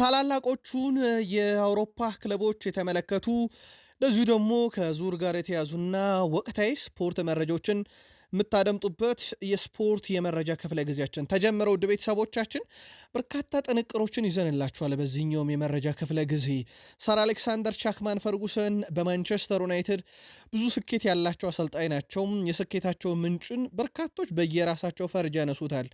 ታላላቆቹን የአውሮፓ ክለቦች የተመለከቱ እንደዚሁ ደግሞ ከዙር ጋር የተያዙና ወቅታዊ ስፖርት መረጃዎችን የምታደምጡበት የስፖርት የመረጃ ክፍለ ጊዜያችን ተጀመረ። ውድ ቤተሰቦቻችን በርካታ ጥንቅሮችን ይዘንላችኋል። በዚህኛውም የመረጃ ክፍለ ጊዜ ሰር አሌክሳንደር ቻክማን ፈርጉሰን በማንቸስተር ዩናይትድ ብዙ ስኬት ያላቸው አሰልጣኝ ናቸው። የስኬታቸው ምንጭን በርካቶች በየራሳቸው ፈርጅ ያነሱታል።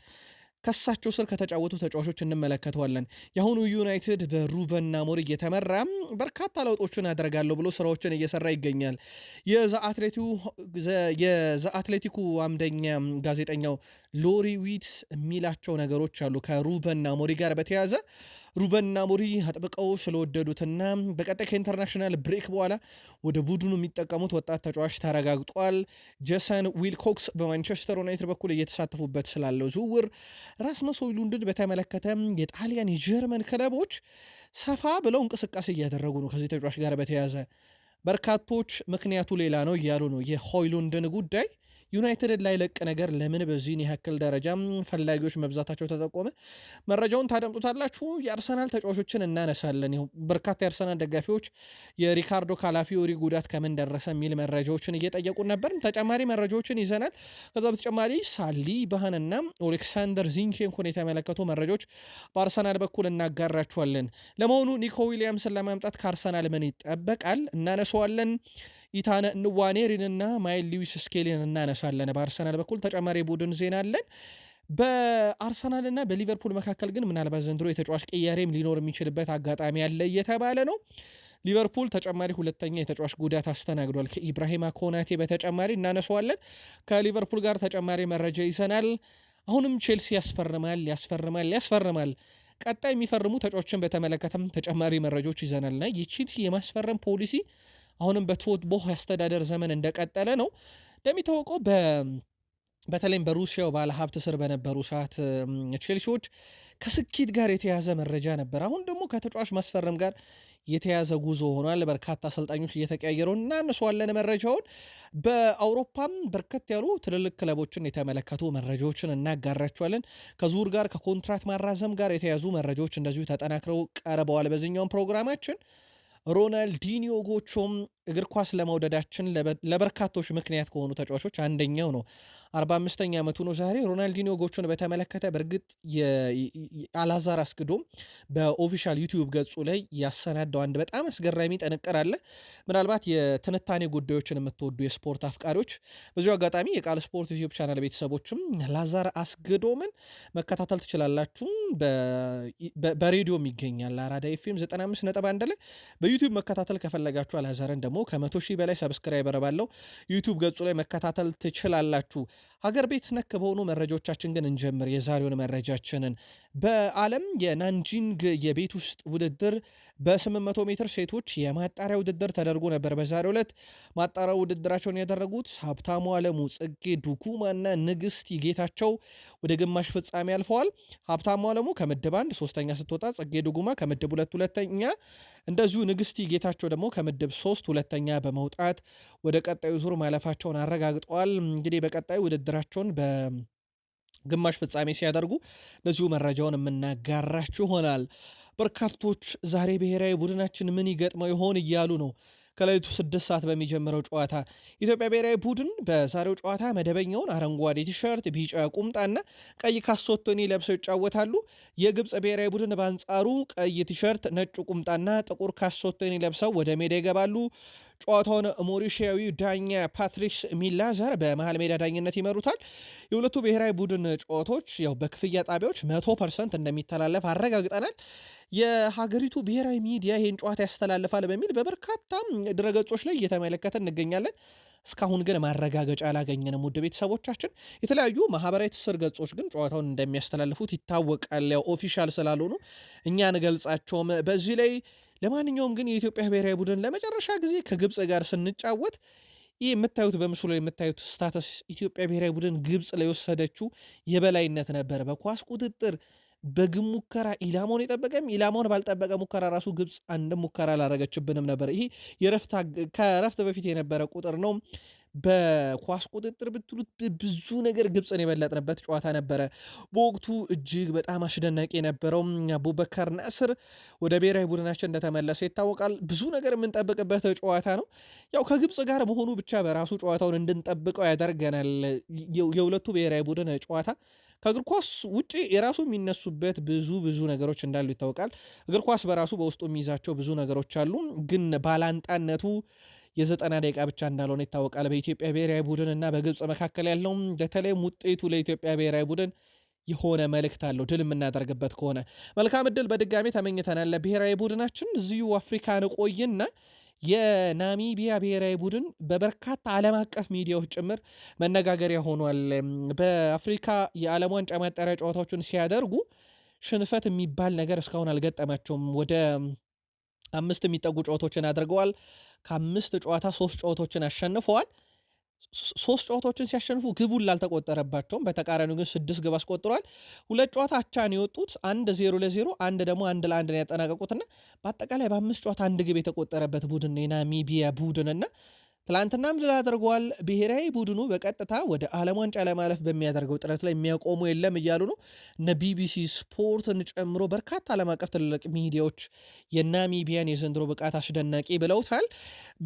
ከሳቸው ስር ከተጫወቱ ተጫዋቾች እንመለከተዋለን። የአሁኑ ዩናይትድ በሩበን አሞሪም እየተመራ በርካታ ለውጦችን አደርጋለሁ ብሎ ስራዎችን እየሰራ ይገኛል። የዘ አትሌቲኩ አምደኛ ጋዜጠኛው ሎሪ ዊት የሚላቸው ነገሮች አሉ። ከሩበን አሞሪ ጋር በተያዘ ሩበን አሞሪ አጥብቀው ስለወደዱትና በቀጣይ ከኢንተርናሽናል ብሬክ በኋላ ወደ ቡድኑ የሚጠቀሙት ወጣት ተጫዋች ተረጋግጧል። ጀሰን ዊልኮክስ በማንቸስተር ዩናይትድ በኩል እየተሳተፉበት ስላለው ዝውውር፣ ራስመስ ሆይሉንድን በተመለከተ የጣሊያን የጀርመን ክለቦች ሰፋ ብለው እንቅስቃሴ እያደረጉ ነው። ከዚህ ተጫዋች ጋር በተያዘ በርካቶች ምክንያቱ ሌላ ነው እያሉ ነው የሆይሉንድን ጉዳይ ዩናይትድን ላይ ለቅ ነገር ለምን በዚህን ያክል ደረጃ ፈላጊዎች መብዛታቸው ተጠቆመ። መረጃውን ታደምጡታላችሁ። የአርሰናል ተጫዋቾችን እናነሳለን። በርካታ የአርሰናል ደጋፊዎች የሪካርዶ ካላፊዮሪ ጉዳት ከምን ደረሰ የሚል መረጃዎችን እየጠየቁ ነበር። ተጨማሪ መረጃዎችን ይዘናል። ከዛ በተጨማሪ ሳሊባህንና ኦሌክሳንደር ዚንቼንኮን የተመለከቱ መረጃዎች በአርሰናል በኩል እናጋራችኋለን። ለመሆኑ ኒኮ ዊሊያምስን ለማምጣት ከአርሰናል ምን ይጠበቃል? እናነሰዋለን። ኢታነ ንዋኔሪንና ማይል ሊዊስ ስኬሊን እናነሳለን። በአርሰናል በኩል ተጨማሪ ቡድን ዜና አለን። በአርሰናልና በሊቨርፑል መካከል ግን ምናልባት ዘንድሮ የተጫዋች ቅያሬም ሊኖር የሚችልበት አጋጣሚ አለ እየተባለ ነው። ሊቨርፑል ተጨማሪ ሁለተኛ የተጫዋች ጉዳት አስተናግዷል። ከኢብራሂማ ኮናቴ በተጨማሪ እናነሰዋለን። ከሊቨርፑል ጋር ተጨማሪ መረጃ ይዘናል። አሁንም ቼልሲ ያስፈርማል ያስፈርማል ያስፈርማል። ቀጣይ የሚፈርሙ ተጫዋችን በተመለከተም ተጨማሪ መረጃዎች ይዘናልና የቼልሲ የማስፈረም ፖሊሲ አሁንም በቶድ ቦህ የአስተዳደር ዘመን እንደቀጠለ ነው። እንደሚታወቀው በ በተለይም በሩሲያው ባለ ሀብት ስር በነበሩ ሰዓት ቼልሲዎች ከስኬት ጋር የተያዘ መረጃ ነበር። አሁን ደግሞ ከተጫዋች ማስፈረም ጋር የተያዘ ጉዞ ሆኗል። በርካታ አሰልጣኞች እየተቀያየረው እናነሷለን መረጃውን በአውሮፓም በርከት ያሉ ትልልቅ ክለቦችን የተመለከቱ መረጃዎችን እናጋራቸዋለን። ከዙር ጋር ከኮንትራት ማራዘም ጋር የተያዙ መረጃዎች እንደዚሁ ተጠናክረው ቀርበዋል በዚህኛውም ፕሮግራማችን ሮናልዲኒዮ ጎቾም እግር ኳስ ለመውደዳችን ለበርካቶች ምክንያት ከሆኑ ተጫዋቾች አንደኛው ነው። 45ኛ ዓመቱ ነው ዛሬ። ሮናልዲኒዮ ጎቹን በተመለከተ በእርግጥ አላዛር አስግዶም በኦፊሻል ዩቲዩብ ገጹ ላይ ያሰናደው አንድ በጣም አስገራሚ ጥንቅር አለ። ምናልባት የትንታኔ ጉዳዮችን የምትወዱ የስፖርት አፍቃሪዎች፣ በዚሁ አጋጣሚ የቃል ስፖርት ዩቲዩብ ቻናል ቤተሰቦችም ላዛር አስግዶምን መከታተል ትችላላችሁ። በሬዲዮም ይገኛል አራዳ ኤፍኤም 95 ነጥብ አንድ ላይ በዩቲዩብ መከታተል ከፈለጋችሁ አላዛርን ደግሞ ከመቶ ሺህ በላይ ሰብስክራይበር ባለው ዩቱብ ገጹ ላይ መከታተል ትችላላችሁ። ሀገር ቤት ነክ በሆኑ መረጃዎቻችን ግን እንጀምር የዛሬውን መረጃችንን በዓለም የናንጂንግ የቤት ውስጥ ውድድር በ800 ሜትር ሴቶች የማጣሪያ ውድድር ተደርጎ ነበር። በዛሬው ዕለት ማጣሪያ ውድድራቸውን ያደረጉት ሀብታሙ አለሙ፣ ጽጌ ዱኩማና ንግስት ጌታቸው ወደ ግማሽ ፍጻሜ አልፈዋል። ሀብታሙ አለሙ ከምድብ አንድ ሶስተኛ ስትወጣ፣ ጽጌ ዱኩማ ከምድብ ሁለት ሁለተኛ፣ እንደዚሁ ንግስት ጌታቸው ደግሞ ከምድብ ሶስት ሁለተኛ በመውጣት ወደ ቀጣዩ ዙር ማለፋቸውን አረጋግጠዋል። እንግዲህ በቀጣዩ ውድድራቸውን በ ግማሽ ፍጻሜ ሲያደርጉ እንደዚሁ መረጃውን የምናጋራችሁ ይሆናል። በርካቶች ዛሬ ብሔራዊ ቡድናችን ምን ይገጥመው ይሆን እያሉ ነው። ከሌሊቱ ስድስት ሰዓት በሚጀምረው ጨዋታ ኢትዮጵያ ብሔራዊ ቡድን በዛሬው ጨዋታ መደበኛውን አረንጓዴ ቲሸርት፣ ቢጫ ቁምጣና ቀይ ካሶቶኒ ለብሰው ይጫወታሉ። የግብፅ ብሔራዊ ቡድን በአንጻሩ ቀይ ቲሸርት፣ ነጭ ቁምጣና ጥቁር ካሶቶኒ ለብሰው ወደ ሜዳ ይገባሉ። ጨዋታውን ሞሪሽያዊ ዳኛ ፓትሪስ ሚላዘር በመሀል ሜዳ ዳኝነት ይመሩታል። የሁለቱ ብሔራዊ ቡድን ጨዋታዎች ያው በክፍያ ጣቢያዎች መቶ ፐርሰንት እንደሚተላለፍ አረጋግጠናል። የሀገሪቱ ብሔራዊ ሚዲያ ይህን ጨዋታ ያስተላልፋል በሚል በበርካታ ድረገጾች ላይ እየተመለከተ እንገኛለን። እስካሁን ግን ማረጋገጫ አላገኘንም። ውድ ቤተሰቦቻችን የተለያዩ ማህበራዊ ትስስር ገጾች ግን ጨዋታውን እንደሚያስተላልፉት ይታወቃል። ያው ኦፊሻል ስላልሆኑ እኛ እንገልጻቸውም። በዚህ ላይ ለማንኛውም ግን የኢትዮጵያ ብሔራዊ ቡድን ለመጨረሻ ጊዜ ከግብፅ ጋር ስንጫወት ይህ የምታዩት በምስሉ ላይ የምታዩት ስታተስ ኢትዮጵያ ብሔራዊ ቡድን ግብፅ ላይ የወሰደችው የበላይነት ነበር። በኳስ ቁጥጥር በግብ ሙከራ ኢላማውን የጠበቀም ኢላማውን ባልጠበቀ ሙከራ ራሱ ግብፅ አንድ ሙከራ አላረገችብንም ነበር። ይሄ ከረፍት በፊት የነበረ ቁጥር ነው። በኳስ ቁጥጥር ብትሉት ብዙ ነገር ግብፅን የበለጥንበት ጨዋታ ነበረ። በወቅቱ እጅግ በጣም አስደናቂ የነበረው አቡበከር ናስር ወደ ብሔራዊ ቡድናችን እንደተመለሰ ይታወቃል። ብዙ ነገር የምንጠብቅበት ጨዋታ ነው። ያው ከግብፅ ጋር መሆኑ ብቻ በራሱ ጨዋታውን እንድንጠብቀው ያደርገናል። የሁለቱ ብሔራዊ ቡድን ጨዋታ ከእግር ኳስ ውጭ የራሱ የሚነሱበት ብዙ ብዙ ነገሮች እንዳሉ ይታወቃል። እግር ኳስ በራሱ በውስጡ የሚይዛቸው ብዙ ነገሮች አሉ። ግን ባላንጣነቱ የዘጠና ደቂቃ ብቻ እንዳልሆነ ይታወቃል። በኢትዮጵያ ብሔራዊ ቡድን እና በግብፅ መካከል ያለው በተለይም ውጤቱ ለኢትዮጵያ ብሔራዊ ቡድን የሆነ መልእክት አለው። ድል የምናደርግበት ከሆነ መልካም እድል በድጋሚ ተመኝተናል። ብሔራዊ ቡድናችን እዚሁ አፍሪካን ቆይና የናሚቢያ ብሔራዊ ቡድን በበርካታ ዓለም አቀፍ ሚዲያዎች ጭምር መነጋገሪያ ሆኗል። በአፍሪካ የዓለም ዋንጫ ማጣሪያ ጨዋታዎችን ሲያደርጉ ሽንፈት የሚባል ነገር እስካሁን አልገጠማቸውም። ወደ አምስት የሚጠጉ ጨዋታዎችን አድርገዋል። ከአምስት ጨዋታ ሶስት ጨዋታዎችን አሸንፈዋል። ሶስት ጨዋታዎችን ሲያሸንፉ ግቡን ላልተቆጠረባቸውም በተቃራኒው ግን ስድስት ግብ አስቆጥሯል። ሁለት ጨዋታ አቻን የወጡት አንድ ዜሮ ለዜሮ አንድ ደግሞ አንድ ለአንድ ነው ያጠናቀቁትና በአጠቃላይ በአምስት ጨዋታ አንድ ግብ የተቆጠረበት ቡድን የናሚቢያ ቡድንና ትላንትናም ድል አድርጓል። ብሔራዊ ቡድኑ በቀጥታ ወደ ዓለም ዋንጫ ለማለፍ በሚያደርገው ጥረት ላይ የሚያቆሙ የለም እያሉ ነው እነ ቢቢሲ ስፖርትን ጨምሮ በርካታ ዓለም አቀፍ ትልልቅ ሚዲያዎች የናሚቢያን የዘንድሮ ብቃት አስደናቂ ብለውታል።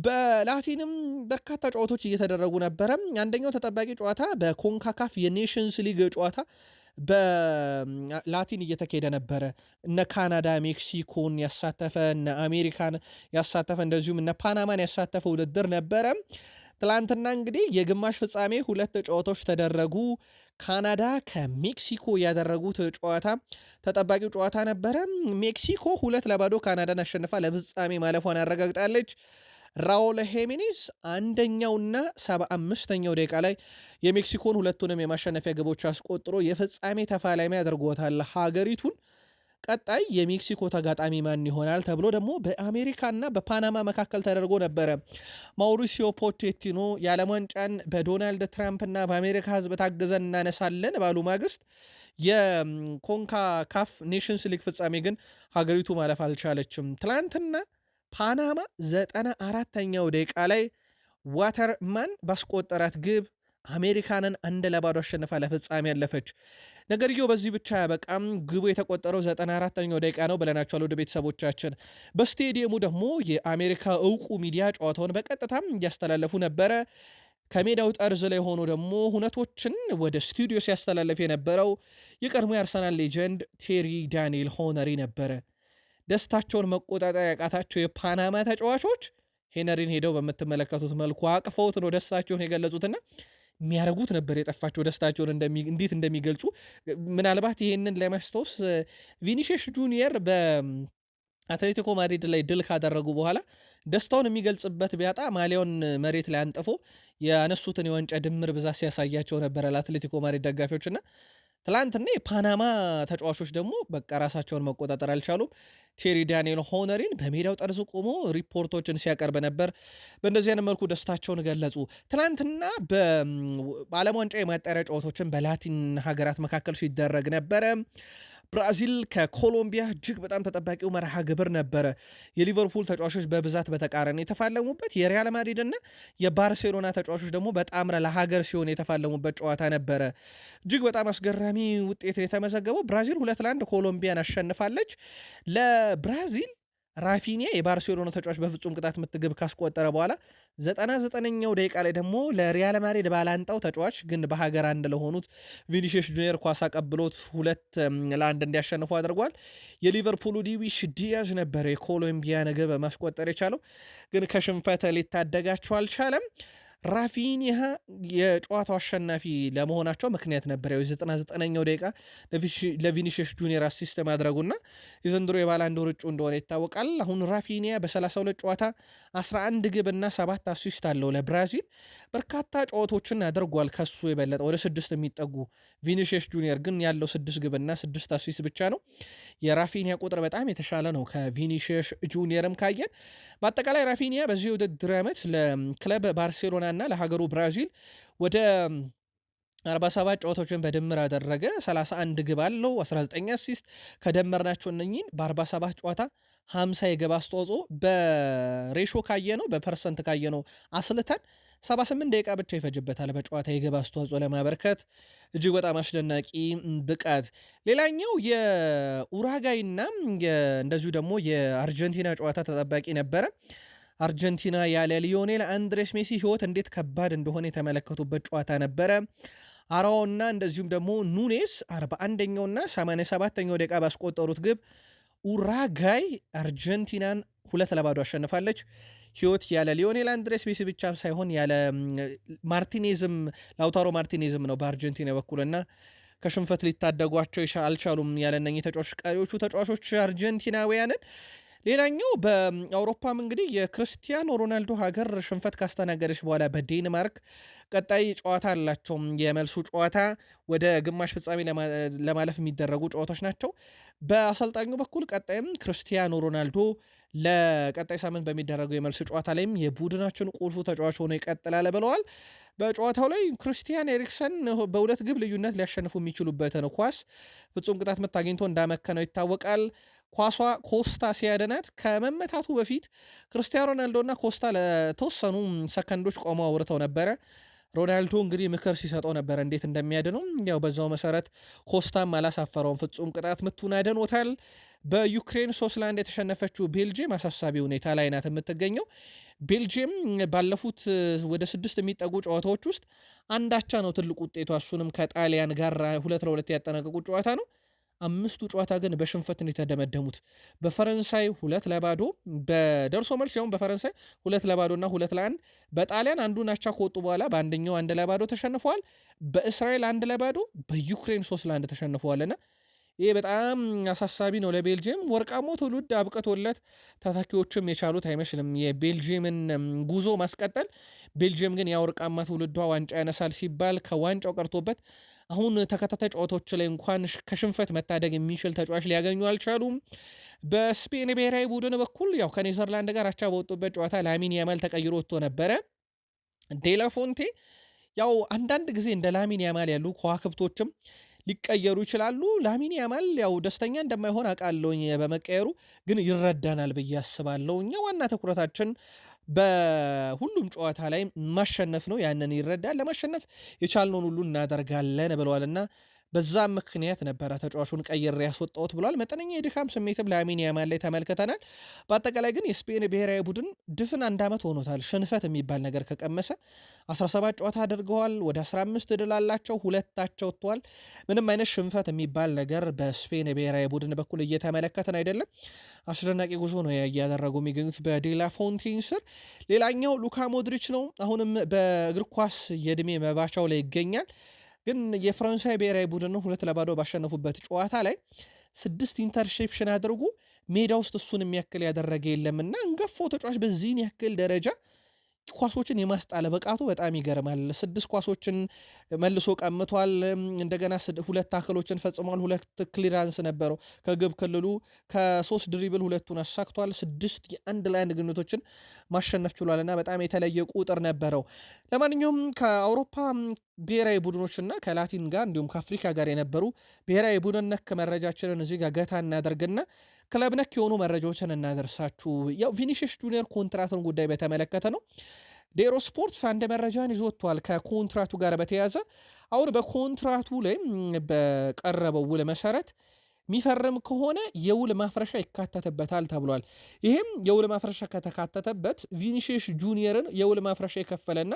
በላቲንም በርካታ ጨዋታዎች እየተደረጉ ነበረ። አንደኛው ተጠባቂ ጨዋታ በኮንካካፍ የኔሽንስ ሊግ ጨዋታ በላቲን እየተካሄደ ነበረ። እነ ካናዳ ሜክሲኮን ያሳተፈ እነ አሜሪካን ያሳተፈ እንደዚሁም እነ ፓናማን ያሳተፈ ውድድር ነበረ። ትላንትና እንግዲህ የግማሽ ፍጻሜ ሁለት ጨዋታዎች ተደረጉ። ካናዳ ከሜክሲኮ ያደረጉት ጨዋታ ተጠባቂው ጨዋታ ነበረ። ሜክሲኮ ሁለት ለባዶ ካናዳን አሸንፋ ለፍጻሜ ማለፏን አረጋግጣለች። ራውል ሄሜኔዝ አንደኛውና ሰባ አምስተኛው ደቂቃ ላይ የሜክሲኮን ሁለቱንም የማሸነፊያ ግቦች አስቆጥሮ የፍጻሜ ተፋላሚ አድርጎታል ሀገሪቱን። ቀጣይ የሜክሲኮ ተጋጣሚ ማን ይሆናል ተብሎ ደግሞ በአሜሪካና በፓናማ መካከል ተደርጎ ነበረ። ማውሪሲዮ ፖቴቲኖ የዓለም ዋንጫን በዶናልድ ትራምፕና በአሜሪካ ሕዝብ ታግዘን እናነሳለን ባሉ ማግስት የኮንካ ካፍ ኔሽንስ ሊግ ፍጻሜ ግን ሀገሪቱ ማለፍ አልቻለችም። ትላንትና ፓናማ ዘጠና አራተኛው ደቂቃ ላይ ዋተርማን ባስቆጠራት ግብ አሜሪካንን አንድ ለባዶ አሸንፋ ለፍጻሜ ያለፈች። ነገርየው በዚህ ብቻ በቃም ግቡ የተቆጠረው 94ኛው ደቂቃ ነው ብለናቸዋል። ወደ ቤተሰቦቻችን በስቴዲየሙ ደግሞ የአሜሪካ እውቁ ሚዲያ ጨዋታውን በቀጥታም እያስተላለፉ ነበረ። ከሜዳው ጠርዝ ላይ ሆኖ ደግሞ ሁነቶችን ወደ ስቱዲዮ ሲያስተላለፍ የነበረው የቀድሞ የአርሰናል ሌጀንድ ቴሪ ዳንኤል ሆነሪ ነበረ። ደስታቸውን መቆጣጠር ያቃታቸው የፓናማ ተጫዋቾች ሄነሪን ሄደው በምትመለከቱት መልኩ አቅፈውት ነው ደስታቸውን የገለጹትና የሚያደርጉት ነበር የጠፋቸው ደስታቸውን እንዴት እንደሚገልጹ ምናልባት ይሄንን ለማስታወስ ቪኒሽስ ጁኒየር በአትሌቲኮ ማድሪድ ላይ ድል ካደረጉ በኋላ ደስታውን የሚገልጽበት ቢያጣ ማሊያውን መሬት ላይ አንጥፎ ያነሱትን የዋንጫ ድምር ብዛት ሲያሳያቸው ነበረ ለአትሌቲኮ ማድሪድ ደጋፊዎችና ትላንትና የፓናማ ተጫዋቾች ደግሞ በቃ ራሳቸውን መቆጣጠር አልቻሉም። ቴሪ ዳንኤል ሆነሪን በሜዳው ጠርዝ ቆሞ ሪፖርቶችን ሲያቀርብ ነበር። በእንደዚህ አይነት መልኩ ደስታቸውን ገለጹ። ትናንትና በዓለም ዋንጫ የማጣሪያ ጨዋታዎችን በላቲን ሀገራት መካከል ሲደረግ ነበረ። ብራዚል ከኮሎምቢያ እጅግ በጣም ተጠባቂው መርሃ ግብር ነበረ። የሊቨርፑል ተጫዋቾች በብዛት በተቃረን የተፋለሙበት የሪያል ማድሪድና የባርሴሎና ተጫዋቾች ደግሞ በጣምራ ለሀገር ሲሆን የተፋለሙበት ጨዋታ ነበረ። እጅግ በጣም አስገራሚ ውጤት የተመዘገበው ብራዚል ሁለት ለአንድ ኮሎምቢያን አሸንፋለች። ለብራዚል ራፊኒያ የባርሴሎና ተጫዋች በፍጹም ቅጣት ምት ግብ ካስቆጠረ በኋላ ዘጠና ዘጠነኛው ደቂቃ ላይ ደግሞ ለሪያል ማድሪድ ባላንጣው ተጫዋች ግን በሀገር አንድ ለሆኑት ቪኒሽስ ጁኒየር ኳስ አቀብሎት ሁለት ለአንድ እንዲያሸንፉ አድርጓል። የሊቨርፑሉ ዲዊሽ ዲያዝ ነበር የኮሎምቢያን ግብ ማስቆጠር የቻለው፣ ግን ከሽንፈት ሊታደጋቸው አልቻለም። ራፊኒሃ የጨዋታው አሸናፊ ለመሆናቸው ምክንያት ነበር። ያው የ 99 ደቂቃ ለቪኒሽስ ጁኒየር አሲስት ማድረጉና የዘንድሮ የባላንድ ርጩ እንደሆነ ይታወቃል። አሁን ራፊኒያ በ32 ጨዋታ 11 ግብና 7 አሲስት አለው ለብራዚል። በርካታ ጨዋታዎችን አድርጓል ከሱ የበለጠ ወደ ስድስት የሚጠጉ ቪኒሽስ ጁኒየር ግን ያለው ስድስት ግብና ስድስት አሲስት ብቻ ነው። የራፊኒያ ቁጥር በጣም የተሻለ ነው ከቪኒሽስ ጁኒየርም ካየን። በአጠቃላይ ራፊኒያ በዚህ ውድድር ዓመት ለክለብ ባርሴሎና ባርሴሎናና ለሀገሩ ብራዚል ወደ 47 ጨዋታዎችን በድምር አደረገ። 31 ግብ አለው፣ 19 አሲስት ከደመርናቸው እነኝን በ47 ጨዋታ 50 የግብ አስተዋጽኦ በሬሾ ካየ ነው በፐርሰንት ካየ ነው አስልተን 78 ደቂቃ ብቻ ይፈጅበታል በጨዋታ የግብ አስተዋጽኦ ለማበርከት እጅግ በጣም አስደናቂ ብቃት። ሌላኛው የኡራጋይና እንደዚሁ ደግሞ የአርጀንቲና ጨዋታ ተጠባቂ ነበረ። አርጀንቲና ያለ ሊዮኔል አንድሬስ ሜሲ ህይወት እንዴት ከባድ እንደሆነ የተመለከቱበት ጨዋታ ነበረ። አራዋና እንደዚሁም ደግሞ ኑኔስ 41ኛውና 87ኛው ደቂቃ ባስቆጠሩት ግብ ኡራጋይ አርጀንቲናን ሁለት ለባዶ አሸንፋለች። ህይወት ያለ ሊዮኔል አንድሬስ ሜሲ ብቻ ሳይሆን ያለ ማርቲኔዝም ላውታሮ ማርቲኔዝም ነው በአርጀንቲና በኩልና ከሽንፈት ሊታደጓቸው አልቻሉም። ያለነኝ ተጫዋቾች ቀሪዎቹ ተጫዋቾች አርጀንቲናውያንን ሌላኛው በአውሮፓም እንግዲህ የክርስቲያኖ ሮናልዶ ሀገር ሽንፈት ካስተናገደች በኋላ በዴንማርክ ቀጣይ ጨዋታ አላቸው። የመልሱ ጨዋታ ወደ ግማሽ ፍጻሜ ለማለፍ የሚደረጉ ጨዋታዎች ናቸው። በአሰልጣኙ በኩል ቀጣይም ክርስቲያኖ ሮናልዶ ለቀጣይ ሳምንት በሚደረገው የመልስ ጨዋታ ላይም የቡድናችን ቁልፉ ተጫዋች ሆኖ ይቀጥላል ብለዋል። በጨዋታው ላይ ክርስቲያን ኤሪክሰን በሁለት ግብ ልዩነት ሊያሸንፉ የሚችሉበትን ኳስ ፍጹም ቅጣት ምት አግኝቶ እንዳመከነው ይታወቃል። ኳሷ ኮስታ ሲያድናት ከመመታቱ በፊት ሮናልዶ ሮናልዶና ኮስታ ለተወሰኑ ሰከንዶች ቆመው አውርተው ነበረ። ሮናልዶ እንግዲህ ምክር ሲሰጠው ነበረ እንዴት እንደሚያድነው። ያው በዛው መሰረት ኮስታም አላሳፈረውም፣ ፍጹም ቅጣት ምቱን አድኖታል። በዩክሬን ሶስት ለአንድ የተሸነፈችው ቤልጅየም አሳሳቢ ሁኔታ ላይ ናት የምትገኘው። ቤልጅየም ባለፉት ወደ ስድስት የሚጠጉ ጨዋታዎች ውስጥ አንዳቻ ነው ትልቁ ውጤቷ። እሱንም ከጣሊያን ጋር ሁለት ለሁለት ያጠናቀቁ ጨዋታ ነው። አምስቱ ጨዋታ ግን በሽንፈት ነው የተደመደሙት። በፈረንሳይ ሁለት ለባዶ በደርሶ መልስ ሲሆን በፈረንሳይ ሁለት ለባዶ እና ሁለት ለአንድ በጣሊያን አንዱ አቻ ከወጡ በኋላ በአንደኛው አንድ ለባዶ ተሸንፈዋል። በእስራኤል አንድ ለባዶ በዩክሬን ሶስት ለአንድ ተሸንፈዋልና ይሄ በጣም አሳሳቢ ነው ለቤልጅየም። ወርቃሞ ትውልድ አብቅቶለት ተተኪዎችም የቻሉት አይመስልም የቤልጅየምን ጉዞ ማስቀጠል። ቤልጅየም ግን የወርቃማ ትውልዷ ዋንጫ ያነሳል ሲባል ከዋንጫው ቀርቶበት አሁን ተከታታይ ጨዋታዎች ላይ እንኳን ከሽንፈት መታደግ የሚችል ተጫዋች ሊያገኙ አልቻሉም። በስፔን ብሔራዊ ቡድን በኩል ያው ከኔዘርላንድ ጋር አቻ በወጡበት ጨዋታ ላሚን ያማል ተቀይሮ ወጥቶ ነበረ ዴላፎንቴ ያው አንዳንድ ጊዜ እንደ ላሚን ያማል ያሉ ከዋክብቶችም ሊቀየሩ ይችላሉ። ላሚን ያማል ያው ደስተኛ እንደማይሆን አውቃለሁኝ በመቀየሩ፣ ግን ይረዳናል ብዬ አስባለሁ። እኛ ዋና ትኩረታችን በሁሉም ጨዋታ ላይ ማሸነፍ ነው። ያንን ይረዳል። ለማሸነፍ የቻልነውን ሁሉ እናደርጋለን ብለዋልና በዛም ምክንያት ነበረ ተጫዋቹን ቀይር ያስወጣውት ብሏል። መጠነኛ የድካም ስሜትም ለአሚን ያማል ላይ ተመልክተናል። በአጠቃላይ ግን የስፔን ብሔራዊ ቡድን ድፍን አንድ ዓመት ሆኖታል ሽንፈት የሚባል ነገር ከቀመሰ 17 ጨዋታ አድርገዋል። ወደ 15 ድል አላቸው፣ ሁለታቸው ወጥተዋል። ምንም አይነት ሽንፈት የሚባል ነገር በስፔን ብሔራዊ ቡድን በኩል እየተመለከተን አይደለም። አስደናቂ ጉዞ ነው እያደረጉ የሚገኙት በዴላ ፎንቴን ስር። ሌላኛው ሉካ ሞድሪች ነው። አሁንም በእግር ኳስ የእድሜ መባቻው ላይ ይገኛል። ግን የፈረንሳይ ብሔራዊ ቡድን ሁለት ለባዶ ባሸነፉበት ጨዋታ ላይ ስድስት ኢንተርሴፕሽን አድርጉ ሜዳ ውስጥ እሱን የሚያክል ያደረገ የለምና እንገፋው ተጫዋች በዚህን ያክል ደረጃ ኳሶችን የማስጣለ ብቃቱ በጣም ይገርማል። ስድስት ኳሶችን መልሶ ቀምቷል። እንደገና ሁለት ታክሎችን ፈጽሟል። ሁለት ክሊራንስ ነበረው ከግብ ክልሉ። ከሶስት ድሪብል ሁለቱን አሳክቷል። ስድስት የአንድ ለአንድ ግንኙነቶችን ማሸነፍ ችሏል እና በጣም የተለየ ቁጥር ነበረው። ለማንኛውም ከአውሮፓ ብሔራዊ ቡድኖችና ከላቲን ጋር እንዲሁም ከአፍሪካ ጋር የነበሩ ብሔራዊ ቡድን ነክ መረጃችንን እዚህ ጋር ገታ እናደርግና ክለብ ነክ የሆኑ መረጃዎችን እናደርሳችሁ። ያው ቪኒሽስ ጁኒየር ኮንትራትን ጉዳይ በተመለከተ ነው። ዴሮ ስፖርትስ አንድ መረጃን ይዞ ከኮንትራቱ ጋር በተያዘ አሁን በኮንትራቱ ላይ በቀረበው ውል መሰረት የሚፈርም ከሆነ የውል ማፍረሻ ይካተትበታል ተብሏል። ይህም የውል ማፍረሻ ከተካተተበት ቪኒሺየስ ጁኒየርን የውል ማፍረሻ የከፈለና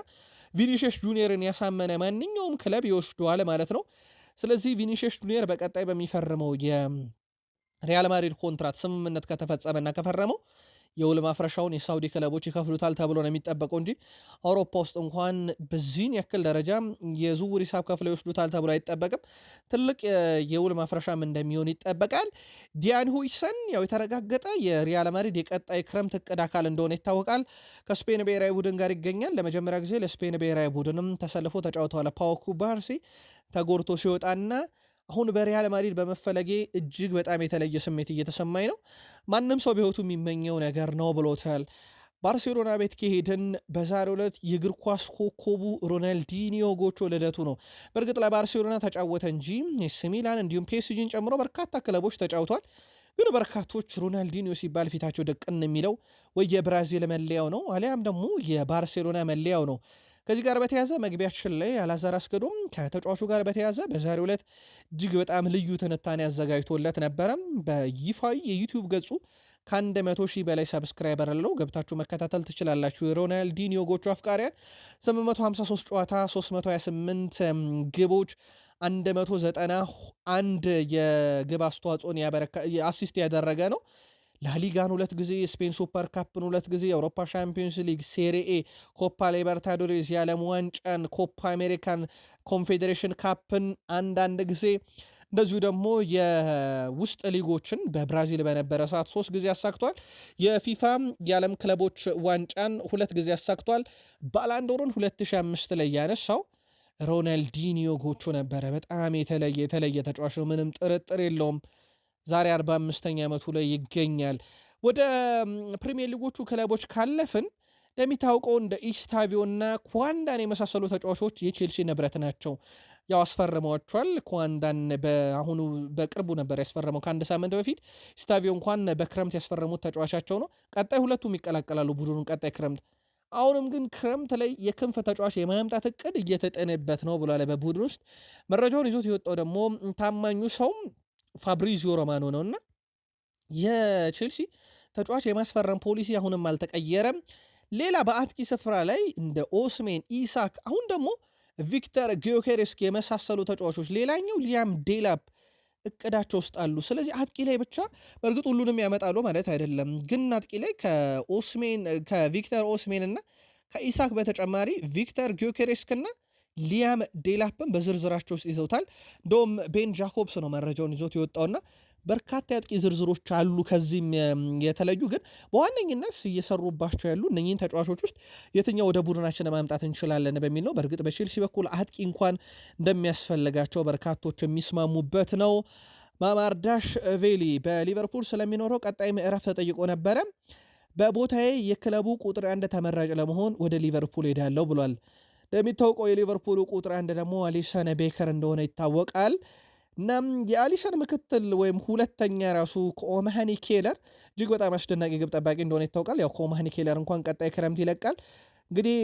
ቪኒሺየስ ጁኒየርን ያሳመነ ማንኛውም ክለብ ይወስደዋል ማለት ነው። ስለዚህ ቪኒሺየስ ጁኒየር በቀጣይ በሚፈርመው የሪያል ማድሪድ ኮንትራት ስምምነት ከተፈጸመና ከፈረመው የውል ማፍረሻውን የሳውዲ ክለቦች ይከፍሉታል ተብሎ ነው የሚጠበቀው እንጂ አውሮፓ ውስጥ እንኳን በዚህን ያክል ደረጃ የዝውውር ሂሳብ ከፍለው ይወስዱታል ተብሎ አይጠበቅም። ትልቅ የውል ማፍረሻም እንደሚሆን ይጠበቃል። ዲያን ሁይሰን ያው የተረጋገጠ የሪያል ማድሪድ የቀጣይ ክረምት እቅድ አካል እንደሆነ ይታወቃል። ከስፔን ብሔራዊ ቡድን ጋር ይገኛል። ለመጀመሪያ ጊዜ ለስፔን ብሔራዊ ቡድንም ተሰልፎ ተጫውተዋል። ፓወኩ ባርሲ ተጎድቶ ሲወጣና አሁን በሪያል ማድሪድ በመፈለጌ እጅግ በጣም የተለየ ስሜት እየተሰማኝ ነው። ማንም ሰው በሕይወቱ የሚመኘው ነገር ነው ብሎታል። ባርሴሎና ቤት ከሄድን በዛሬ ዕለት የእግር ኳስ ኮከቡ ሮናልዲኒዮ ጎቾ ልደቱ ነው። በእርግጥ ለባርሴሎና ተጫወተ እንጂ ኤሲ ሚላን እንዲሁም ፒኤስጂን ጨምሮ በርካታ ክለቦች ተጫውቷል። ግን በርካቶች ሮናልዲኒዮ ሲባል ፊታቸው ደቅን የሚለው ወይ የብራዚል መለያው ነው አሊያም ደግሞ የባርሴሎና መለያው ነው። ከዚህ ጋር በተያዘ መግቢያችን ላይ አላዛር አስገዶም ከተጫዋቹ ጋር በተያዘ በዛሬ ዕለት እጅግ በጣም ልዩ ትንታኔ አዘጋጅቶለት ነበረም። በይፋዊ የዩቲዩብ ገጹ ከአንድ መቶ ሺህ በላይ ሰብስክራይበር አለው። ገብታችሁ መከታተል ትችላላችሁ። የሮናልዲኒዮ ጎቹ አፍቃሪያን 853 ጨዋታ 328 ግቦች 191 የግብ አስተዋጽኦን አሲስት ያደረገ ነው። ላሊጋን ሁለት ጊዜ፣ ስፔን ሱፐር ካፕን ሁለት ጊዜ፣ የአውሮፓ ሻምፒዮንስ ሊግ፣ ሴሪኤ፣ ኮፓ ሊበርታዶሬዝ፣ የዓለም ዋንጫን፣ ኮፓ አሜሪካን፣ ኮንፌዴሬሽን ካፕን አንዳንድ ጊዜ እንደዚሁ ደግሞ የውስጥ ሊጎችን በብራዚል በነበረ ሰዓት ሶስት ጊዜ አሳክቷል። የፊፋም የዓለም ክለቦች ዋንጫን ሁለት ጊዜ አሳክቷል። ባላንዶሩን 2005 ላይ ያነሳው ሮናልዲኒዮ ጎቹ ነበረ። በጣም የተለየ የተለየ ተጫዋች ነው፣ ምንም ጥርጥር የለውም። ዛሬ 45ኛ ዓመቱ ላይ ይገኛል። ወደ ፕሪሚየር ሊጎቹ ክለቦች ካለፍን እንደሚታወቀው እንደ ኢስታቪዮ እና ኳንዳን የመሳሰሉ ተጫዋቾች የቼልሲ ንብረት ናቸው። ያው አስፈርመዋቸዋል። ኳንዳን በአሁኑ በቅርቡ ነበር ያስፈረመው ከአንድ ሳምንት በፊት። ኢስታቪዮ እንኳን በክረምት ያስፈረሙት ተጫዋቻቸው ነው። ቀጣይ ሁለቱም ይቀላቀላሉ ቡድኑን ቀጣይ ክረምት። አሁንም ግን ክረምት ላይ የክንፍ ተጫዋች የማምጣት እቅድ እየተጠነበት ነው ብሏል በቡድን ውስጥ መረጃውን ይዞት የወጣው ደግሞ ታማኙ ሰውም ፋብሪዚዮ ሮማኖ ነው እና የቼልሲ ተጫዋች የማስፈረም ፖሊሲ አሁንም አልተቀየረም። ሌላ በአጥቂ ስፍራ ላይ እንደ ኦስሜን፣ ኢሳክ አሁን ደግሞ ቪክተር ጊዮኬሬስክ የመሳሰሉ ተጫዋቾች ሌላኛው ሊያም ዴላፕ እቅዳቸው ውስጥ አሉ። ስለዚህ አጥቂ ላይ ብቻ በእርግጥ ሁሉንም ያመጣሉ ማለት አይደለም፣ ግን አጥቂ ላይ ከኦስሜን ከቪክተር ኦስሜን እና ከኢሳክ በተጨማሪ ቪክተር ጊዮኬሬስክ እና ሊያም ዴላፕን በዝርዝራቸው ውስጥ ይዘውታል። እንደውም ቤን ጃኮብስ ነው መረጃውን ይዞት የወጣውና በርካታ የአጥቂ ዝርዝሮች አሉ። ከዚህም የተለዩ ግን በዋነኝነት እየሰሩባቸው ያሉ እነኚህን ተጫዋቾች ውስጥ የትኛው ወደ ቡድናችን ማምጣት እንችላለን በሚል ነው። በእርግጥ በቼልሲ በኩል አጥቂ እንኳን እንደሚያስፈልጋቸው በርካቶች የሚስማሙበት ነው። ማማርዳሽ ቬሊ በሊቨርፑል ስለሚኖረው ቀጣይ ምዕራፍ ተጠይቆ ነበረ። በቦታዬ የክለቡ ቁጥር አንድ ተመራጭ ለመሆን ወደ ሊቨርፑል ሄዳለሁ ብሏል። እንደሚታወቀው የሊቨርፑሉ ቁጥር አንድ ደግሞ አሊሰን ቤከር እንደሆነ ይታወቃል። እናም የአሊሰን ምክትል ወይም ሁለተኛ ራሱ ኮማሃኒ ኬለር እጅግ በጣም አስደናቂ ግብ ጠባቂ እንደሆነ ይታወቃል። ያው ኮማሃኒ ኬለር እንኳን ቀጣይ ክረምት ይለቃል። እንግዲህ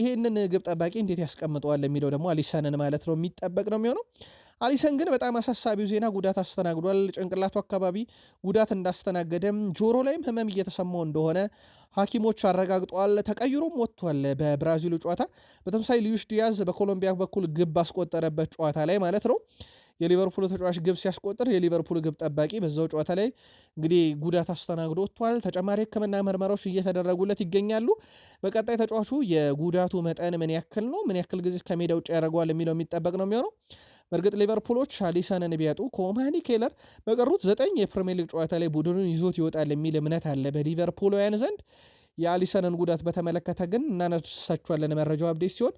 ይህንን ግብ ጠባቂ እንዴት ያስቀምጠዋል የሚለው ደግሞ አሊሰንን ማለት ነው የሚጠበቅ ነው የሚሆነው አሊሰን ግን በጣም አሳሳቢው ዜና ጉዳት አስተናግዷል። ጭንቅላቱ አካባቢ ጉዳት እንዳስተናገደም ጆሮ ላይም ህመም እየተሰማው እንደሆነ ሐኪሞች አረጋግጠዋል። ተቀይሮም ወጥቷል። በብራዚሉ ጨዋታ በተመሳይ ሉዊስ ዲያዝ በኮሎምቢያ በኩል ግብ ባስቆጠረበት ጨዋታ ላይ ማለት ነው የሊቨርፑል ተጫዋች ግብ ሲያስቆጥር የሊቨርፑል ግብ ጠባቂ በዛው ጨዋታ ላይ እንግዲህ ጉዳት አስተናግዶ ወጥቷል። ተጨማሪ ሕክምና ምርመራዎች እየተደረጉለት ይገኛሉ። በቀጣይ ተጫዋቹ የጉዳቱ መጠን ምን ያክል ነው፣ ምን ያክል ጊዜ ከሜዳ ውጭ ያደርገዋል የሚለው የሚጠበቅ ነው የሚሆነው። በእርግጥ ሊቨርፑሎች አሊሰንን ቢያጡ ኮማኒ ኬለር በቀሩት ዘጠኝ የፕሪሚየር ሊግ ጨዋታ ላይ ቡድኑን ይዞት ይወጣል የሚል እምነት አለ በሊቨርፑሎውያን ዘንድ። የአሊሰንን ጉዳት በተመለከተ ግን እናነሳችኋለን መረጃው አብዴት ሲሆን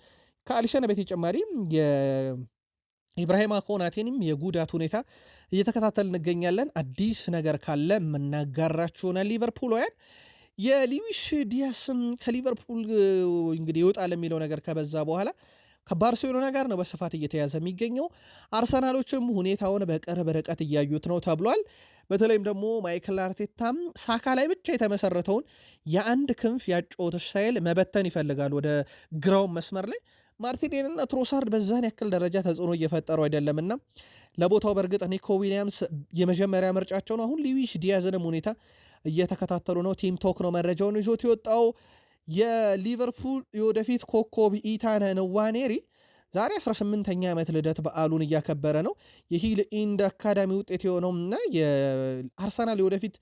ከአሊሰን በተጨማሪ ኢብራሂማ ኮናቴንም የጉዳት ሁኔታ እየተከታተል እንገኛለን። አዲስ ነገር ካለ የምናጋራችሁ ሊቨርፑልውያን የሊዊሽ ዲያስም ከሊቨርፑል እንግዲህ ይወጣል የሚለው ነገር ከበዛ በኋላ ከባርሴሎና ጋር ነው በስፋት እየተያዘ የሚገኘው። አርሰናሎችም ሁኔታውን በቅርብ ርቀት እያዩት ነው ተብሏል። በተለይም ደግሞ ማይክል አርቴታም ሳካ ላይ ብቻ የተመሰረተውን የአንድ ክንፍ ያጫወት ስታይል መበተን ይፈልጋል ወደ ግራውን መስመር ላይ ማርቲኔልና ትሮሳርድ በዛን ያክል ደረጃ ተጽዕኖ እየፈጠሩ አይደለምና ለቦታው በእርግጥ ኒኮ ዊሊያምስ የመጀመሪያ ምርጫቸው ነው። አሁን ሊዊሽ ዲያዝንም ሁኔታ እየተከታተሉ ነው። ቲም ቶክ ነው መረጃውን ይዞት የወጣው። የሊቨርፑል የወደፊት ኮከብ ኢታነ ንዋኔሪ ዛሬ 18ኛ ዓመት ልደት በዓሉን እያከበረ ነው። የሂል ኢንድ አካዳሚ ውጤት የሆነውና የአርሰናል የወደፊት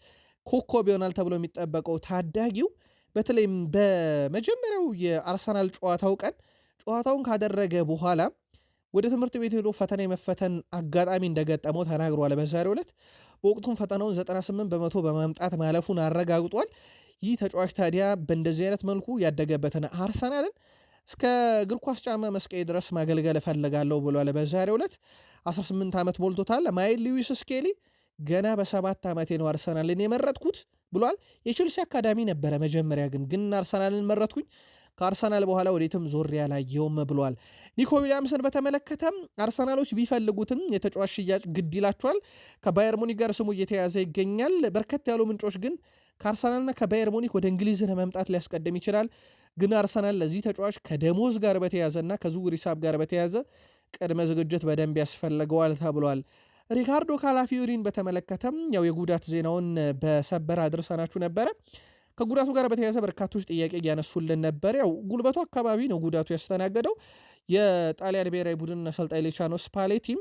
ኮከብ ይሆናል ተብሎ የሚጠበቀው ታዳጊው በተለይም በመጀመሪያው የአርሰናል ጨዋታው ቀን ጨዋታውን ካደረገ በኋላ ወደ ትምህርት ቤት ሄዶ ፈተና የመፈተን አጋጣሚ እንደገጠመው ተናግሯል። በዛሬው ዕለት በወቅቱም ፈተናውን 98 በመቶ በማምጣት ማለፉን አረጋግጧል። ይህ ተጫዋች ታዲያ በእንደዚህ አይነት መልኩ ያደገበትን አርሰናልን እስከ እግር ኳስ ጫማ መስቀይ ድረስ ማገልገል እፈልጋለሁ ብሏል። በዛሬው ዕለት 18 ዓመት ሞልቶታል። ማይል ሊዊስ ስኬሊ ገና በሰባት ዓመቴ ነው አርሰናልን የመረጥኩት ብሏል። የቼልሲ አካዳሚ ነበረ መጀመሪያ ግን ግን አርሰናልን መረጥኩኝ ከአርሰናል በኋላ ወዴትም ዞር ያላየውም ብሏል። ኒኮ ዊሊያምስን በተመለከተም አርሰናሎች ቢፈልጉትም የተጫዋች ሽያጭ ግድ ይላቸዋል። ከባየር ሙኒክ ጋር ስሙ እየተያዘ ይገኛል። በርከት ያሉ ምንጮች ግን ከአርሰናልና ከባየር ሙኒክ ወደ እንግሊዝ ለመምጣት ሊያስቀድም ይችላል። ግን አርሰናል ለዚህ ተጫዋች ከደሞዝ ጋር በተያዘና ከዝውውር ሂሳብ ጋር በተያዘ ቅድመ ዝግጅት በደንብ ያስፈልገዋል ተብሏል። ሪካርዶ ካላፊዮሪን በተመለከተም ያው የጉዳት ዜናውን በሰበር አድርሰናችሁ ነበረ። ከጉዳቱ ጋር በተያያዘ በርካቶች ጥያቄ እያነሱልን ነበር። ያው ጉልበቱ አካባቢ ነው ጉዳቱ ያስተናገደው። የጣሊያን ብሔራዊ ቡድን አሰልጣኝ ሌቻኖ ስፓሌቲም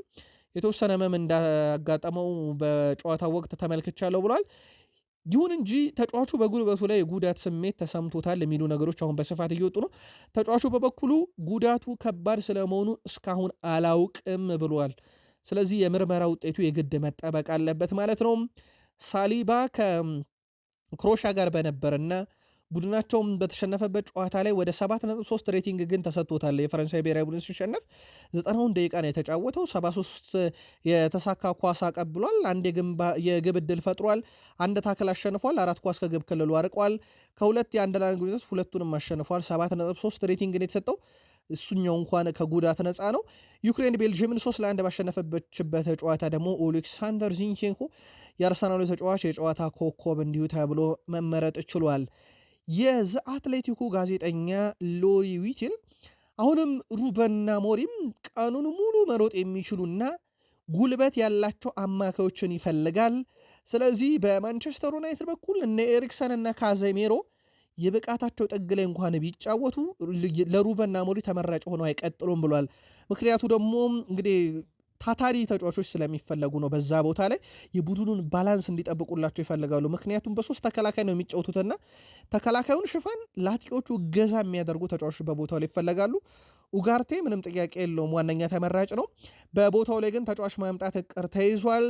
የተወሰነ ህመም እንዳጋጠመው በጨዋታው ወቅት ተመልክቻለሁ ብሏል። ይሁን እንጂ ተጫዋቹ በጉልበቱ ላይ የጉዳት ስሜት ተሰምቶታል የሚሉ ነገሮች አሁን በስፋት እየወጡ ነው። ተጫዋቹ በበኩሉ ጉዳቱ ከባድ ስለመሆኑ እስካሁን አላውቅም ብሏል። ስለዚህ የምርመራ ውጤቱ የግድ መጠበቅ አለበት ማለት ነው። ሳሊባ ከ ክሮሻ ጋር በነበረና ቡድናቸውም በተሸነፈበት ጨዋታ ላይ ወደ 7.3 ሬቲንግ ግን ተሰጥቶታል። የፈረንሳይ ብሔራዊ ቡድን ሲሸነፍ 90 ደቂቃ ነው የተጫወተው። 73 የተሳካ ኳስ አቀብሏል። አንድ የግብ እድል ፈጥሯል። አንድ ታክል አሸንፏል። አራት ኳስ ከግብ ክልሉ አርቋል። ከሁለት የአንድ ለአንድ ግንኙነት ሁለቱንም አሸንፏል። 7.3 ሬቲንግ ነው የተሰጠው። እሱኛው እንኳን ከጉዳት ነፃ ነው። ዩክሬን ቤልጅየምን ሶስት ለአንድ ባሸነፈበችበት ጨዋታ ደግሞ ኦሌክሳንደር ዚንቼንኮ የአርሰናሉ ተጫዋች የጨዋታ ኮከብ እንዲሁ ተብሎ መመረጥ ችሏል። የዘ አትሌቲኩ ጋዜጠኛ ሎሪ ዊቲል አሁንም ሩበን አሞሪም ቀኑን ሙሉ መሮጥ የሚችሉና ጉልበት ያላቸው አማካዮችን ይፈልጋል። ስለዚህ በማንቸስተር ዩናይትድ በኩል እነ ኤሪክሰን እና ካዘሜሮ የብቃታቸው ጥግ ላይ እንኳን ቢጫወቱ ለሩበን አሞሪም ተመራጭ ሆነው አይቀጥሉም ብሏል። ምክንያቱ ደግሞ እንግዲህ ታታሪ ተጫዋቾች ስለሚፈለጉ ነው። በዛ ቦታ ላይ የቡድኑን ባላንስ እንዲጠብቁላቸው ይፈልጋሉ። ምክንያቱም በሶስት ተከላካይ ነው የሚጫወቱትና ተከላካዩን ሽፋን ለአጥቂዎቹ እገዛ የሚያደርጉ ተጫዋቾች በቦታው ላይ ይፈለጋሉ። ኡጋርቴ ምንም ጥያቄ የለውም ዋነኛ ተመራጭ ነው። በቦታው ላይ ግን ተጫዋች ማምጣት እቅር ተይዟል።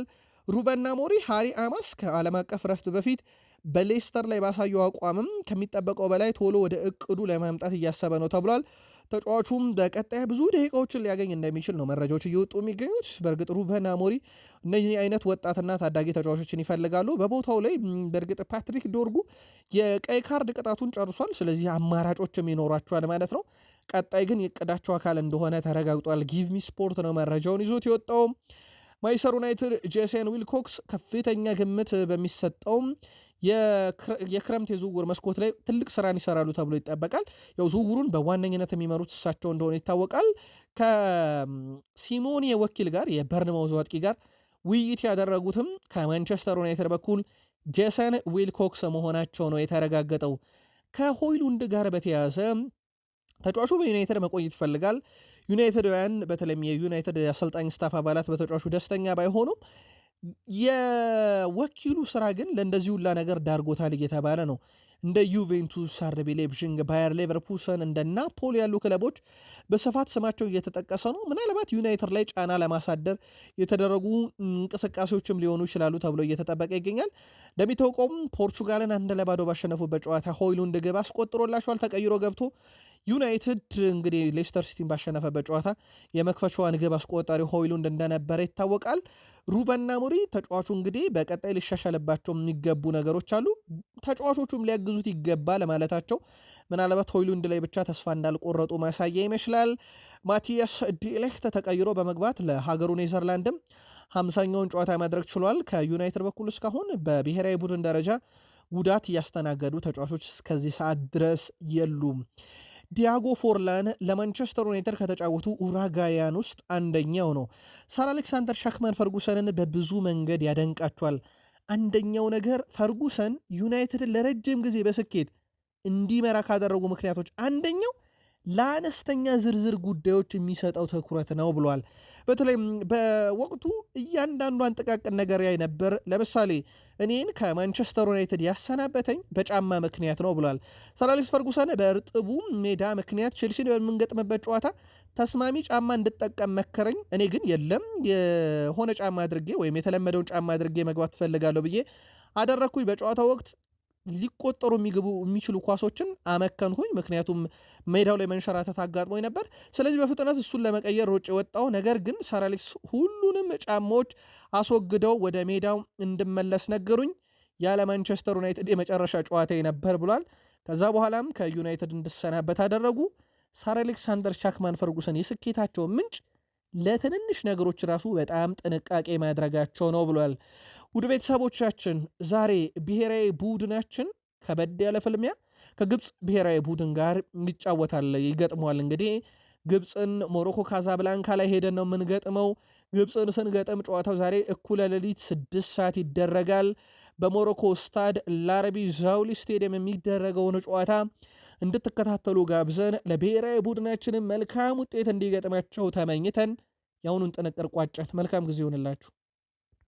ሩበን ሞሪ ሃሪ አማስ ከዓለም አቀፍ ረፍት በፊት በሌስተር ላይ ባሳየው አቋምም ከሚጠበቀው በላይ ቶሎ ወደ እቅዱ ለማምጣት እያሰበ ነው ተብሏል። ተጫዋቹም በቀጣይ ብዙ ደቂቃዎችን ሊያገኝ እንደሚችል ነው መረጃዎች እየወጡ የሚገኙት። በእርግጥ ሩበን አሞሪ እነዚህ አይነት ወጣትና ታዳጊ ተጫዋቾችን ይፈልጋሉ። በቦታው ላይ በእርግጥ ፓትሪክ ዶርጉ የቀይ ካርድ ቅጣቱን ጨርሷል። ስለዚህ አማራጮችም ይኖሯቸዋል ማለት ነው። ቀጣይ ግን የእቅዳቸው አካል እንደሆነ ተረጋግጧል። ጊቭሚ ስፖርት ነው መረጃውን ይዞት የወጣውም ማይሰር ዩናይትድ ጄሰን ዊልኮክስ ከፍተኛ ግምት በሚሰጠውም የክረምት የዝውውር መስኮት ላይ ትልቅ ስራን ይሰራሉ ተብሎ ይጠበቃል። ያው ዝውውሩን በዋነኝነት የሚመሩት እሳቸው እንደሆነ ይታወቃል። ከሲሞኔ ወኪል ጋር የበርንማውዝ አጥቂ ጋር ውይይት ያደረጉትም ከማንቸስተር ዩናይትድ በኩል ጄሰን ዊልኮክስ መሆናቸው ነው የተረጋገጠው። ከሆይሉንድ ጋር በተያያዘ ተጫዋቹ በዩናይትድ መቆየት ይፈልጋል። ዩናይትድውያን በተለይም የዩናይትድ አሰልጣኝ ስታፍ አባላት በተጫዋቹ ደስተኛ ባይሆኑም የወኪሉ ስራ ግን ለእንደዚህ ሁላ ነገር ዳርጎታል እየተባለ ነው። እንደ ዩቬንቱስ፣ አርቢ ሌፕዥንግ፣ ባየር ሌቨርኩሰን እንደ ናፖሊ ያሉ ክለቦች በስፋት ስማቸው እየተጠቀሰ ነው። ምናልባት ዩናይትድ ላይ ጫና ለማሳደር የተደረጉ እንቅስቃሴዎችም ሊሆኑ ይችላሉ ተብሎ እየተጠበቀ ይገኛል። እንደሚታወቀውም ፖርቹጋልን አንድ ለባዶ ባሸነፉበት ጨዋታ ሆይሉንድ ግብ አስቆጥሮላቸዋል ተቀይሮ ገብቶ ዩናይትድ እንግዲህ ሌስተር ሲቲን ባሸነፈበት ጨዋታ የመክፈቻዋን ግብ አስቆጣሪ ሆይሉንድ እንደነበረ ይታወቃል። ሩበን አሞሪም ተጫዋቹ እንግዲህ በቀጣይ ሊሻሻልባቸው የሚገቡ ነገሮች አሉ ተጫዋቾቹም ሊያግዙ ሊያስይዙት ይገባ ለማለታቸው ምናልባት ሆይሉንድ ላይ ብቻ ተስፋ እንዳልቆረጡ ማሳያ ይመስላል። ማቲያስ ዲሌክት ተቀይሮ በመግባት ለሀገሩ ኔዘርላንድም ሀምሳኛውን ጨዋታ ማድረግ ችሏል። ከዩናይትድ በኩል እስካሁን በብሔራዊ ቡድን ደረጃ ጉዳት ያስተናገዱ ተጫዋቾች እስከዚህ ሰዓት ድረስ የሉም። ዲያጎ ፎርላን ለማንቸስተር ዩናይትድ ከተጫወቱ ኡራጋያን ውስጥ አንደኛው ነው። ሰር አሌክሳንደር ሻክመን ፈርጉሰንን በብዙ መንገድ ያደንቃቸዋል። አንደኛው ነገር ፈርጉሰን ዩናይትድን ለረጅም ጊዜ በስኬት እንዲመራ ካደረጉ ምክንያቶች አንደኛው ለአነስተኛ ዝርዝር ጉዳዮች የሚሰጠው ትኩረት ነው ብሏል። በተለይም በወቅቱ እያንዳንዷን ጥቃቅን ነገር ያይ ነበር። ለምሳሌ እኔን ከማንቸስተር ዩናይትድ ያሰናበተኝ በጫማ ምክንያት ነው ብሏል። ሰር አሌክስ ፈርጉሰን በእርጥቡ ሜዳ ምክንያት ቼልሲን በምንገጥምበት ጨዋታ ተስማሚ ጫማ እንድጠቀም መከረኝ። እኔ ግን የለም የሆነ ጫማ አድርጌ ወይም የተለመደውን ጫማ አድርጌ መግባት ትፈልጋለሁ ብዬ አደረግኩኝ። በጨዋታው ወቅት ሊቆጠሩ የሚገቡ የሚችሉ ኳሶችን አመከንኩኝ። ምክንያቱም ሜዳው ላይ መንሸራተት አጋጥሞኝ ነበር። ስለዚህ በፍጥነት እሱን ለመቀየር ሮጭ የወጣው ነገር ግን ሰር አሌክስ ሁሉንም ጫማዎች አስወግደው ወደ ሜዳው እንድመለስ ነገሩኝ። ያለ ማንቸስተር ዩናይትድ የመጨረሻ ጨዋታ ነበር ብሏል። ከዛ በኋላም ከዩናይትድ እንድሰናበት አደረጉ። ሰር አሌክሳንደር ቻክማን ፈርጉሰን የስኬታቸው ምንጭ ለትንንሽ ነገሮች ራሱ በጣም ጥንቃቄ ማድረጋቸው ነው ብሏል። ውድ ቤተሰቦቻችን ዛሬ ብሔራዊ ቡድናችን ከበድ ያለ ፍልሚያ ከግብፅ ብሔራዊ ቡድን ጋር ይጫወታል፣ ይገጥመዋል። እንግዲህ ግብፅን ሞሮኮ ካዛብላንካ ላይ ሄደን ነው የምንገጥመው። ግብፅን ስንገጥም ጨዋታው ዛሬ እኩለ ሌሊት ስድስት ሰዓት ይደረጋል። በሞሮኮ ስታድ ላረቢ ዛውሊ ስቴዲየም የሚደረገውን ጨዋታ እንድትከታተሉ ጋብዘን ለብሔራዊ ቡድናችንን መልካም ውጤት እንዲገጥማቸው ተመኝተን የአሁኑን ጥንቅር ቋጨን። መልካም ጊዜ ይሆንላችሁ።